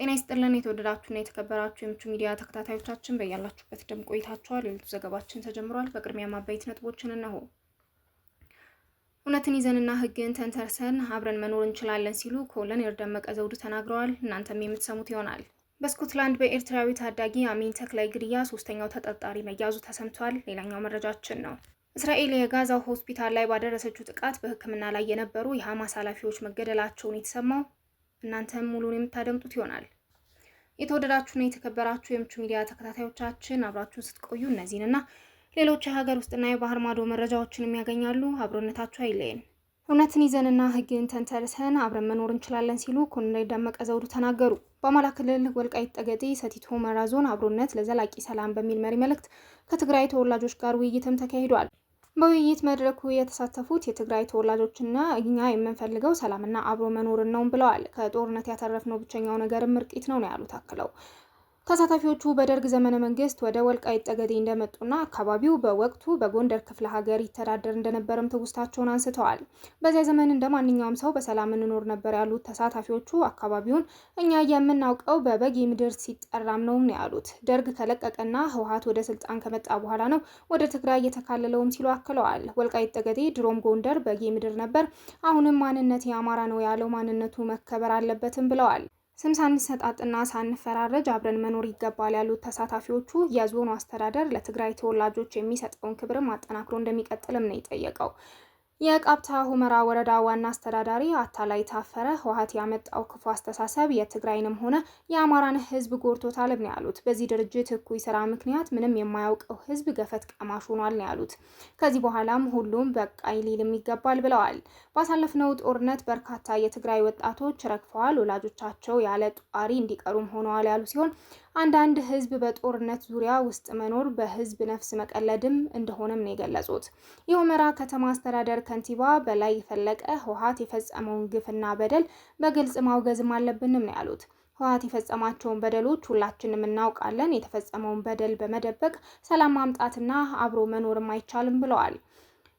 ጤና ይስጥልን የተወደዳችሁና የተከበራችሁ የምቹ ሚዲያ ተከታታዮቻችን በያላችሁበት ደም ቆይታችኋል። የዕለቱ ዘገባችን ተጀምሯል። በቅድሚያ ማባይት ነጥቦችን እነሆ። እውነትን ይዘንና ሕግን ተንተርሰን አብረን መኖር እንችላለን ሲሉ ኮሎኔል ደመቀ ዘውዱ ተናግረዋል። እናንተም የምትሰሙት ይሆናል። በስኮትላንድ በኤርትራዊ ታዳጊ አሚን ተክላይ ግድያ ሶስተኛው ተጠርጣሪ መያዙ ተሰምቷል። ሌላኛው መረጃችን ነው። እስራኤል የጋዛው ሆስፒታል ላይ ባደረሰችው ጥቃት በሕክምና ላይ የነበሩ የሐማስ ኃላፊዎች መገደላቸውን የተሰማው እናንተም ሙሉን የምታደምጡት ይሆናል። የተወደዳችሁና የተከበራችሁ የምቹ ሚዲያ ተከታታዮቻችን አብራችሁን ስትቆዩ እነዚህንና ሌሎች የሀገር ውስጥና የባህር ማዶ መረጃዎችን የሚያገኛሉ። አብሮነታችሁ አይለየን። እውነትን ይዘንና ሕግን ተንተርሰን አብረን መኖር እንችላለን ሲሉ ኮሎኔል ደመቀ ዘውዱ ተናገሩ። በአማራ ክልል ወልቃይት ጠገዴ ሰቲት ሁመራ ዞን አብሮነት ለዘላቂ ሰላም በሚል መሪ መልእክት ከትግራይ ተወላጆች ጋር ውይይትም ተካሂዷል። በውይይት መድረኩ የተሳተፉት የትግራይ ተወላጆችና እኛ የምንፈልገው ሰላምና አብሮ መኖርን ነው ብለዋል። ከጦርነት ያተረፍነው ብቸኛው ነገርም እርቂት ነው ነው ያሉት አክለው ተሳታፊዎቹ በደርግ ዘመነ መንግስት ወደ ወልቃይት ጠገዴ እንደመጡና አካባቢው በወቅቱ በጎንደር ክፍለ ሀገር ይተዳደር እንደነበረም ትውስታቸውን አንስተዋል። በዚያ ዘመን እንደ ማንኛውም ሰው በሰላም እንኖር ነበር ያሉት ተሳታፊዎቹ አካባቢውን እኛ የምናውቀው በበጌ ምድር ሲጠራም ነው ያሉት። ደርግ ከለቀቀና ህወሀት ወደ ስልጣን ከመጣ በኋላ ነው ወደ ትግራይ የተካለለውም ሲሉ አክለዋል። ወልቃይት ጠገዴ ድሮም ጎንደር በጌ ምድር ነበር፣ አሁንም ማንነት የአማራ ነው ያለው ማንነቱ መከበር አለበትም ብለዋል። ስም ሳንሰጣጥና ሳንፈራረጅ አብረን መኖር ይገባል ያሉት ተሳታፊዎቹ የዞኑ አስተዳደር ለትግራይ ተወላጆች የሚሰጠውን ክብርም አጠናክሮ እንደሚቀጥልም ነው የጠየቀው። የቃብታ ሁመራ ወረዳ ዋና አስተዳዳሪ አታላይ ታፈረ ህወሓት ያመጣው ክፉ አስተሳሰብ የትግራይንም ሆነ የአማራን ህዝብ ጎድቶታል ነው ያሉት። በዚህ ድርጅት እኩይ ስራ ምክንያት ምንም የማያውቀው ህዝብ ገፈት ቀማሽ ሆኗል ነው ያሉት። ከዚህ በኋላም ሁሉም በቃይ ሊልም ይገባል ብለዋል። ባሳለፍነው ጦርነት በርካታ የትግራይ ወጣቶች ረግፈዋል፣ ወላጆቻቸው ያለ ጧሪ እንዲቀሩም ሆነዋል ያሉ ሲሆን አንዳንድ ህዝብ በጦርነት ዙሪያ ውስጥ መኖር በህዝብ ነፍስ መቀለድም እንደሆነም ነው የገለጹት። የሁመራ ከተማ አስተዳደር ከንቲባ በላይ የፈለቀ ህወሓት የፈጸመውን ግፍና በደል በግልጽ ማውገዝም አለብንም ነው ያሉት። ህወሓት የፈጸማቸውን በደሎች ሁላችንም እናውቃለን። የተፈጸመውን በደል በመደበቅ ሰላም ማምጣትና አብሮ መኖርም አይቻልም ብለዋል።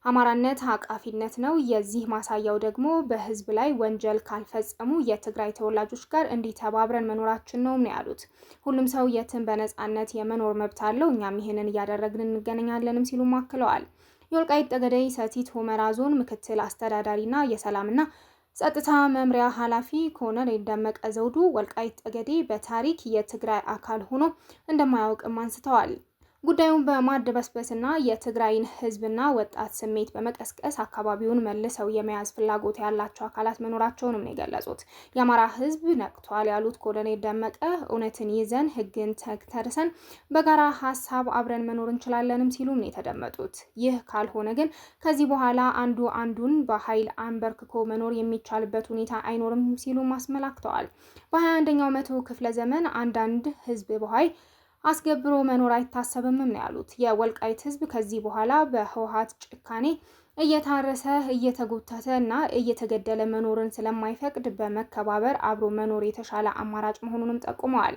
አማራነት አቃፊነት ነው። የዚህ ማሳያው ደግሞ በህዝብ ላይ ወንጀል ካልፈጸሙ የትግራይ ተወላጆች ጋር እንዲህ ተባብረን መኖራችን ነው ነው ያሉት። ሁሉም ሰው የትን በነጻነት የመኖር መብት አለው፣ እኛም ይህንን እያደረግን እንገናኛለንም ሲሉ አክለዋል። የወልቃይት ጠገዴ ሰቲት ሁመራ ዞን ምክትል አስተዳዳሪና የሰላምና ጸጥታ መምሪያ ኃላፊ ኮሎኔል ደመቀ ዘውዱ ወልቃይት ጠገዴ በታሪክ የትግራይ አካል ሆኖ እንደማያውቅም አንስተዋል። ጉዳዩን በማደበስበስና የትግራይን ህዝብና ወጣት ስሜት በመቀስቀስ አካባቢውን መልሰው የመያዝ ፍላጎት ያላቸው አካላት መኖራቸውንም ነው የገለጹት። የአማራ ህዝብ ነቅቷል ያሉት ኮሎኔል ደመቀ እውነትን ይዘን ህግን ተንተርሰን በጋራ ሀሳብ አብረን መኖር እንችላለንም ሲሉም ነው የተደመጡት። ይህ ካልሆነ ግን ከዚህ በኋላ አንዱ አንዱን በኃይል አንበርክኮ መኖር የሚቻልበት ሁኔታ አይኖርም ሲሉም አስመላክተዋል። በ21ኛው መቶ ክፍለ ዘመን አንዳንድ ህዝብ በኋይ አስገብሮ መኖር አይታሰብምም ነው ያሉት። የወልቃይት ህዝብ ከዚህ በኋላ በህወሀት ጭካኔ እየታረሰ እየተጎተተ እና እየተገደለ መኖርን ስለማይፈቅድ በመከባበር አብሮ መኖር የተሻለ አማራጭ መሆኑንም ጠቁመዋል።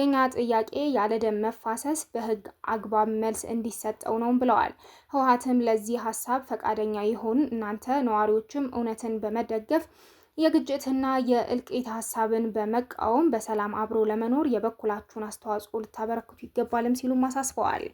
የኛ ጥያቄ ያለ ደም መፋሰስ በህግ አግባብ መልስ እንዲሰጠው ነው ብለዋል። ህወሀትም ለዚህ ሀሳብ ፈቃደኛ ይሆን እናንተ ነዋሪዎችም እውነትን በመደገፍ የግጭትና የእልቂት ሀሳብን በመቃወም በሰላም አብሮ ለመኖር የበኩላችሁን አስተዋጽኦ ልታበረክቱ ይገባልም ሲሉም አሳስበዋል።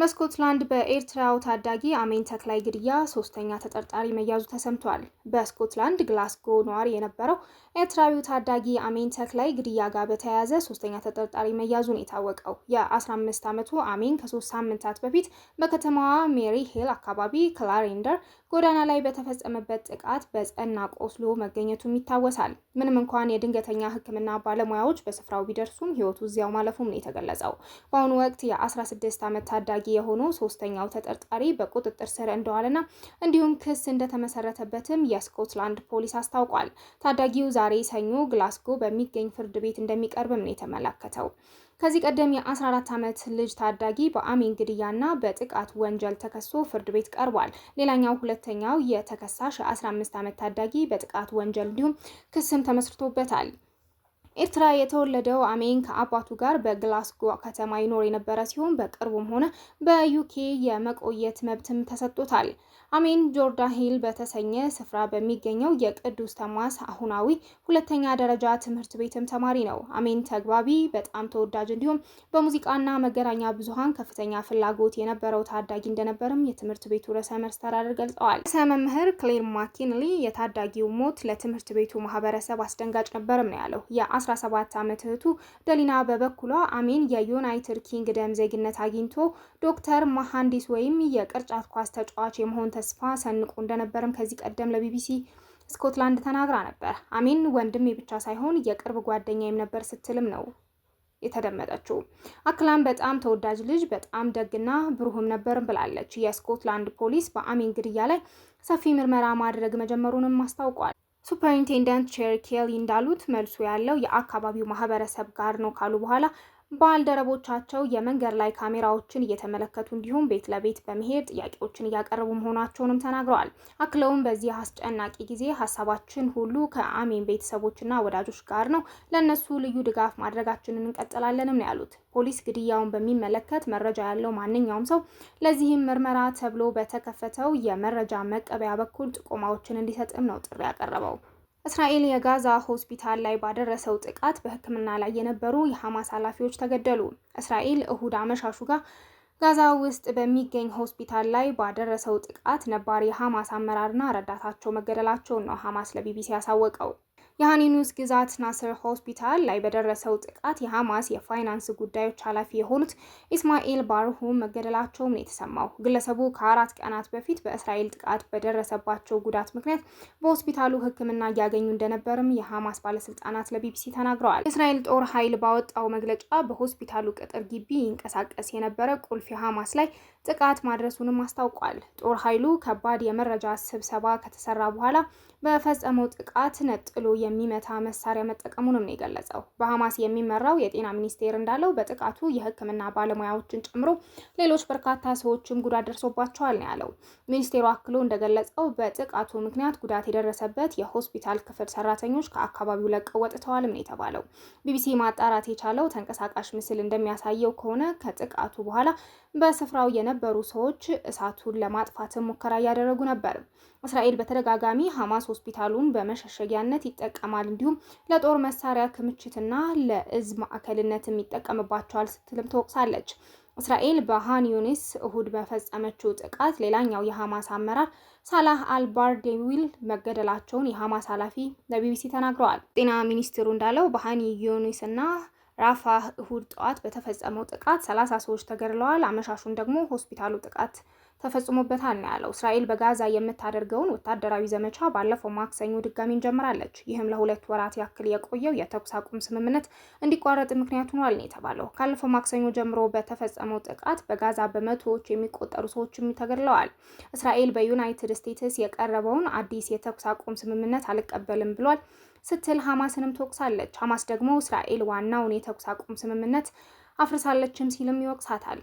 በስኮትላንድ በኤርትራው ታዳጊ አሜን ተክላይ ግድያ ሶስተኛ ተጠርጣሪ መያዙ ተሰምቷል። በስኮትላንድ ግላስጎ ነዋሪ የነበረው ኤርትራዊው ታዳጊ አሜን ተክላይ ግድያ ጋር በተያያዘ ሶስተኛ ተጠርጣሪ መያዙን የታወቀው የ15 ዓመቱ አሜን ከሶስት ሳምንታት በፊት በከተማዋ ሜሪ ሂል አካባቢ ክላሬንደር ጎዳና ላይ በተፈጸመበት ጥቃት በጸና ቆስሎ መገኘቱም ይታወሳል። ምንም እንኳን የድንገተኛ ሕክምና ባለሙያዎች በስፍራው ቢደርሱም ሕይወቱ እዚያው ማለፉም ነው የተገለጸው። በአሁኑ ወቅት የ16 ዓመት ታዳጊ ተፈላጊ የሆኑ ሶስተኛው ተጠርጣሪ በቁጥጥር ስር እንደዋለና እንዲሁም ክስ እንደተመሰረተበትም የስኮትላንድ ፖሊስ አስታውቋል። ታዳጊው ዛሬ ሰኞ ግላስጎ በሚገኝ ፍርድ ቤት እንደሚቀርብም ነው የተመላከተው። ከዚህ ቀደም የ14 ዓመት ልጅ ታዳጊ በአሚን ግድያና በጥቃት ወንጀል ተከሶ ፍርድ ቤት ቀርቧል። ሌላኛው ሁለተኛው የተከሳሽ የ15 ዓመት ታዳጊ በጥቃት ወንጀል እንዲሁም ክስም ተመስርቶበታል። ኤርትራ የተወለደው አሜን ከአባቱ ጋር በግላስጎ ከተማ ይኖር የነበረ ሲሆን በቅርቡም ሆነ በዩኬ የመቆየት መብትም ተሰጥቶታል። አሜን ጆርዳ ሂል በተሰኘ ስፍራ በሚገኘው የቅዱስ ተማስ አሁናዊ ሁለተኛ ደረጃ ትምህርት ቤትም ተማሪ ነው። አሜን ተግባቢ፣ በጣም ተወዳጅ እንዲሁም በሙዚቃና መገናኛ ብዙሃን ከፍተኛ ፍላጎት የነበረው ታዳጊ እንደነበርም የትምህርት ቤቱ ርዕሰ መስተዳድር ገልጸዋል። ርዕሰ መምህር ክሌር ማኪንሊ የታዳጊው ሞት ለትምህርት ቤቱ ማህበረሰብ አስደንጋጭ ነበርም ነው ያለው። 17 ዓመት እህቱ ደሊና በበኩሏ አሜን የዩናይትድ ኪንግደም ዜግነት አግኝቶ ዶክተር መሐንዲስ ወይም የቅርጫት ኳስ ተጫዋች የመሆን ተስፋ ሰንቆ እንደነበርም ከዚህ ቀደም ለቢቢሲ ስኮትላንድ ተናግራ ነበር። አሜን ወንድሜ ብቻ ሳይሆን የቅርብ ጓደኛዬም ነበር ስትልም ነው የተደመጠችው። አክላም በጣም ተወዳጅ ልጅ፣ በጣም ደግና ብሩህም ነበር ብላለች። የስኮትላንድ ፖሊስ በአሜን ግድያ ላይ ሰፊ ምርመራ ማድረግ መጀመሩንም አስታውቋል። ሱፐርኢንቴንደንት ቼሪ ኬሊ እንዳሉት መልሱ ያለው የአካባቢው ማህበረሰብ ጋር ነው ካሉ በኋላ ባልደረቦቻቸው የመንገድ ላይ ካሜራዎችን እየተመለከቱ እንዲሁም ቤት ለቤት በመሄድ ጥያቄዎችን እያቀረቡ መሆናቸውንም ተናግረዋል። አክለውም በዚህ አስጨናቂ ጊዜ ሀሳባችን ሁሉ ከአሜን ቤተሰቦችና ወዳጆች ጋር ነው፣ ለእነሱ ልዩ ድጋፍ ማድረጋችንን እንቀጥላለንም ነው ያሉት። ፖሊስ ግድያውን በሚመለከት መረጃ ያለው ማንኛውም ሰው ለዚህም ምርመራ ተብሎ በተከፈተው የመረጃ መቀበያ በኩል ጥቆማዎችን እንዲሰጥም ነው ጥሪ ያቀረበው። እስራኤል የጋዛ ሆስፒታል ላይ ባደረሰው ጥቃት በሕክምና ላይ የነበሩ የሐማስ ኃላፊዎች ተገደሉ። እስራኤል እሁድ አመሻሹ ጋር ጋዛ ውስጥ በሚገኝ ሆስፒታል ላይ ባደረሰው ጥቃት ነባር የሐማስ አመራርና ረዳታቸው መገደላቸውን ነው ሐማስ ለቢቢሲ ያሳወቀው። የሃኒኒውስ ግዛት ናስር ሆስፒታል ላይ በደረሰው ጥቃት የሐማስ የፋይናንስ ጉዳዮች ኃላፊ የሆኑት ኢስማኤል ባርሁም መገደላቸውም ነው የተሰማው። ግለሰቡ ከአራት ቀናት በፊት በእስራኤል ጥቃት በደረሰባቸው ጉዳት ምክንያት በሆስፒታሉ ሕክምና እያገኙ እንደነበርም የሐማስ ባለስልጣናት ለቢቢሲ ተናግረዋል። የእስራኤል ጦር ኃይል ባወጣው መግለጫ በሆስፒታሉ ቅጥር ግቢ ይንቀሳቀስ የነበረ ቁልፍ የሐማስ ላይ ጥቃት ማድረሱንም አስታውቋል። ጦር ኃይሉ ከባድ የመረጃ ስብሰባ ከተሰራ በኋላ በፈጸመው ጥቃት ነጥሎ የሚመታ መሳሪያ መጠቀሙንም ነው የገለጸው። በሐማስ የሚመራው የጤና ሚኒስቴር እንዳለው በጥቃቱ የሕክምና ባለሙያዎችን ጨምሮ ሌሎች በርካታ ሰዎችም ጉዳት ደርሶባቸዋል ነው ያለው። ሚኒስቴሩ አክሎ እንደገለጸው በጥቃቱ ምክንያት ጉዳት የደረሰበት የሆስፒታል ክፍል ሰራተኞች ከአካባቢው ለቀው ወጥተዋልም ነው የተባለው። ቢቢሲ ማጣራት የቻለው ተንቀሳቃሽ ምስል እንደሚያሳየው ከሆነ ከጥቃቱ በኋላ በስፍራው የነበሩ ሰዎች እሳቱን ለማጥፋት ሙከራ እያደረጉ ነበር። እስራኤል በተደጋጋሚ ሐማስ ሆስፒታሉን በመሸሸጊያነት ይጠቀማል፣ እንዲሁም ለጦር መሳሪያ ክምችትና ለእዝ ማዕከልነትም ይጠቀምባቸዋል ስትልም ተወቅሳለች። እስራኤል በሃን ዩኒስ እሁድ በፈጸመችው ጥቃት ሌላኛው የሐማስ አመራር ሳላህ አልባርዴዊል መገደላቸውን የሐማስ ኃላፊ ለቢቢሲ ተናግረዋል። ጤና ሚኒስትሩ እንዳለው በሃን ዩኒስ እና ራፋ እሁድ ጠዋት በተፈጸመው ጥቃት ሰላሳ ሰዎች ተገድለዋል። አመሻሹን ደግሞ ሆስፒታሉ ጥቃት ተፈጽሞበታል ነው ያለው። እስራኤል በጋዛ የምታደርገውን ወታደራዊ ዘመቻ ባለፈው ማክሰኞ ድጋሚ እንጀምራለች። ይህም ለሁለት ወራት ያክል የቆየው የተኩስ አቁም ስምምነት እንዲቋረጥ ምክንያት ሆኗል ነው የተባለው። ካለፈው ማክሰኞ ጀምሮ በተፈጸመው ጥቃት በጋዛ በመቶዎች የሚቆጠሩ ሰዎችም ተገድለዋል። እስራኤል በዩናይትድ ስቴትስ የቀረበውን አዲስ የተኩስ አቁም ስምምነት አልቀበልም ብሏል። ስትል ሐማስንም ትወቅሳለች። ሐማስ ደግሞ እስራኤል ዋናውን የተኩስ አቁም ስምምነት አፍርሳለችም ሲልም ይወቅሳታል።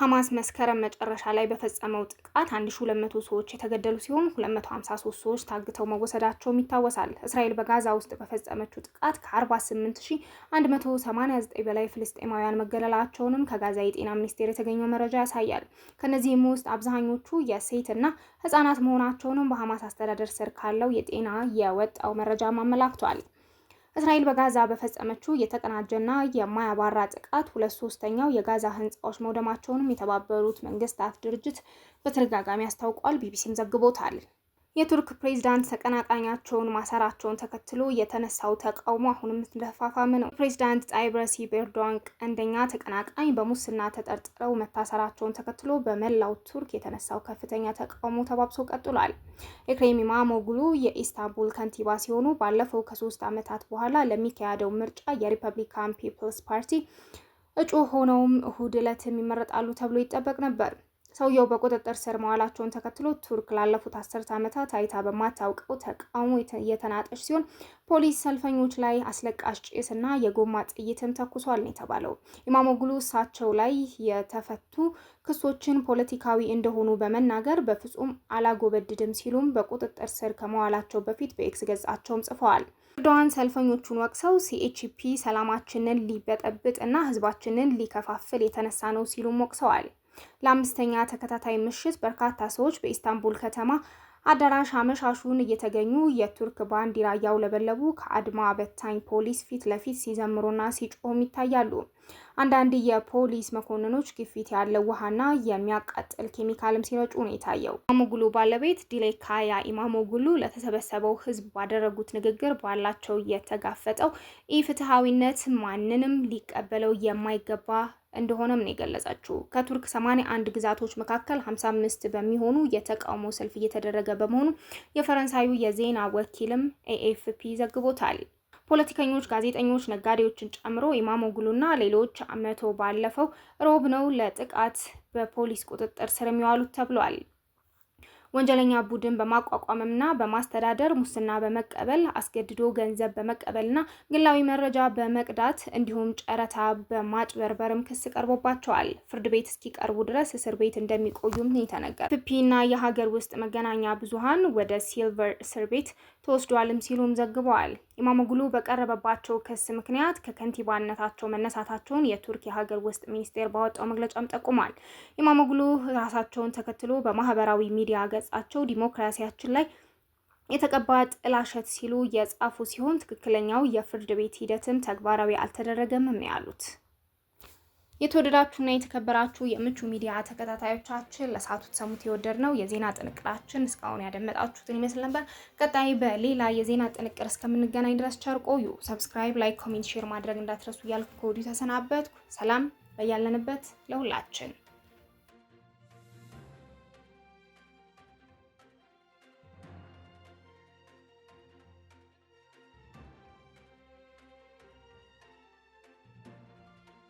ሐማስ መስከረም መጨረሻ ላይ በፈጸመው ጥቃት 1200 ሰዎች የተገደሉ ሲሆን 253 ሰዎች ታግተው መወሰዳቸውም ይታወሳል። እስራኤል በጋዛ ውስጥ በፈጸመችው ጥቃት ከ48189 በላይ ፍልስጤማውያን መገደላቸውንም ከጋዛ የጤና ሚኒስቴር የተገኘው መረጃ ያሳያል። ከነዚህም ውስጥ አብዛኞቹ የሴትና ህጻናት መሆናቸውንም በሐማስ አስተዳደር ስር ካለው የጤና የወጣው መረጃም አመላክቷል። እስራኤል በጋዛ በፈጸመችው የተቀናጀና የማያባራ ጥቃት ሁለት ሶስተኛው የጋዛ ህንፃዎች መውደማቸውንም የተባበሩት መንግስታት ድርጅት በተደጋጋሚ አስታውቋል። ቢቢሲም ዘግቦታል። የቱርክ ፕሬዝዳንት ተቀናቃኛቸውን ማሰራቸውን ተከትሎ የተነሳው ተቃውሞ አሁንም እንደተፋፋመ ነው። ፕሬዝዳንት ጣይብ ረሲብ ኤርዶዋን ቀንደኛ ተቀናቃኝ በሙስና ተጠርጥረው መታሰራቸውን ተከትሎ በመላው ቱርክ የተነሳው ከፍተኛ ተቃውሞ ተባብሶ ቀጥሏል። ኤክሬም ኢማሞግሉ የኢስታንቡል ከንቲባ ሲሆኑ ባለፈው ከሶስት ዓመታት በኋላ ለሚካሄደው ምርጫ የሪፐብሊካን ፒፕልስ ፓርቲ እጩ ሆነውም እሁድ ዕለትም ይመረጣሉ ተብሎ ይጠበቅ ነበር። ሰውየው በቁጥጥር ስር መዋላቸውን ተከትሎ ቱርክ ላለፉት አስርት ዓመታት አይታ በማታውቀው ተቃውሞ የተናጠች ሲሆን ፖሊስ ሰልፈኞች ላይ አስለቃሽ ጭስና የጎማ ጥይትን ተኩሷል ነው የተባለው። ኢማሞግሉ እሳቸው ላይ የተፈቱ ክሶችን ፖለቲካዊ እንደሆኑ በመናገር በፍጹም አላጎበድድም ሲሉም በቁጥጥር ስር ከመዋላቸው በፊት በኤክስ ገጻቸውም ጽፈዋል። ኤርዶዋን ሰልፈኞቹን ወቅሰው ሲኤችፒ ሰላማችንን ሊበጠብጥ እና ህዝባችንን ሊከፋፍል የተነሳ ነው ሲሉም ወቅሰዋል። ለአምስተኛ ተከታታይ ምሽት በርካታ ሰዎች በኢስታንቡል ከተማ አዳራሽ አመሻሹን እየተገኙ የቱርክ ባንዲራ እያውለበለቡ ከአድማ በታኝ ፖሊስ ፊት ለፊት ሲዘምሩና ሲጮሁም ይታያሉ። አንዳንድ የፖሊስ መኮንኖች ግፊት ያለው ውሃና የሚያቃጥል ኬሚካልም ሲረጩ ነው የታየው። ኢማሞጉሉ ባለቤት ዲሌካያ ኢማሞጉሉ ለተሰበሰበው ሕዝብ ባደረጉት ንግግር ባላቸው የተጋፈጠው ኢፍትሐዊነት ማንንም ሊቀበለው የማይገባ እንደሆነም ነው የገለጸችው። ከቱርክ 81 ግዛቶች መካከል 55 በሚሆኑ የተቃውሞ ሰልፍ እየተደረገ በመሆኑ የፈረንሳዩ የዜና ወኪልም ኤኤፍፒ ዘግቦታል። ፖለቲከኞች፣ ጋዜጠኞች፣ ነጋዴዎችን ጨምሮ ኢማሞግሉና ሌሎች መቶ ባለፈው ሮብ ነው ለጥቃት በፖሊስ ቁጥጥር ስር የሚዋሉት ተብሏል። ወንጀለኛ ቡድን በማቋቋምና በማስተዳደር ሙስና በመቀበል አስገድዶ ገንዘብ በመቀበልና ግላዊ መረጃ በመቅዳት እንዲሁም ጨረታ በማጭበርበርም ክስ ቀርቦባቸዋል። ፍርድ ቤት እስኪቀርቡ ድረስ እስር ቤት እንደሚቆዩም የተነገረ ፒፒና የሀገር ውስጥ መገናኛ ብዙሃን ወደ ሲልቨር እስር ቤት ተወስዷልም ሲሉም ዘግበዋል። ኢማሞግሉ በቀረበባቸው ክስ ምክንያት ከከንቲባነታቸው መነሳታቸውን የቱርክ የሀገር ውስጥ ሚኒስቴር ባወጣው መግለጫም ጠቁሟል። ኢማሞግሉ ራሳቸውን ተከትሎ በማህበራዊ ሚዲያ ገጻቸው ዲሞክራሲያችን ላይ የተቀባ ጥላሸት ሲሉ የጻፉ ሲሆን ትክክለኛው የፍርድ ቤት ሂደትም ተግባራዊ አልተደረገም ያሉት የተወደዳችሁና የተከበራችሁ የምቹ ሚዲያ ተከታታዮቻችን ለሰዓቱ ሰሙት የወደድ ነው የዜና ጥንቅራችን እስካሁን ያደመጣችሁትን ይመስል ነበር። ቀጣይ በሌላ የዜና ጥንቅር እስከምንገናኝ ድረስ ቸር ቆዩ። ሰብስክራይብ፣ ላይክ፣ ኮሜንት፣ ሼር ማድረግ እንዳትረሱ እያልኩ ከወዲሁ ተሰናበትኩ። ሰላም በያለንበት ለሁላችን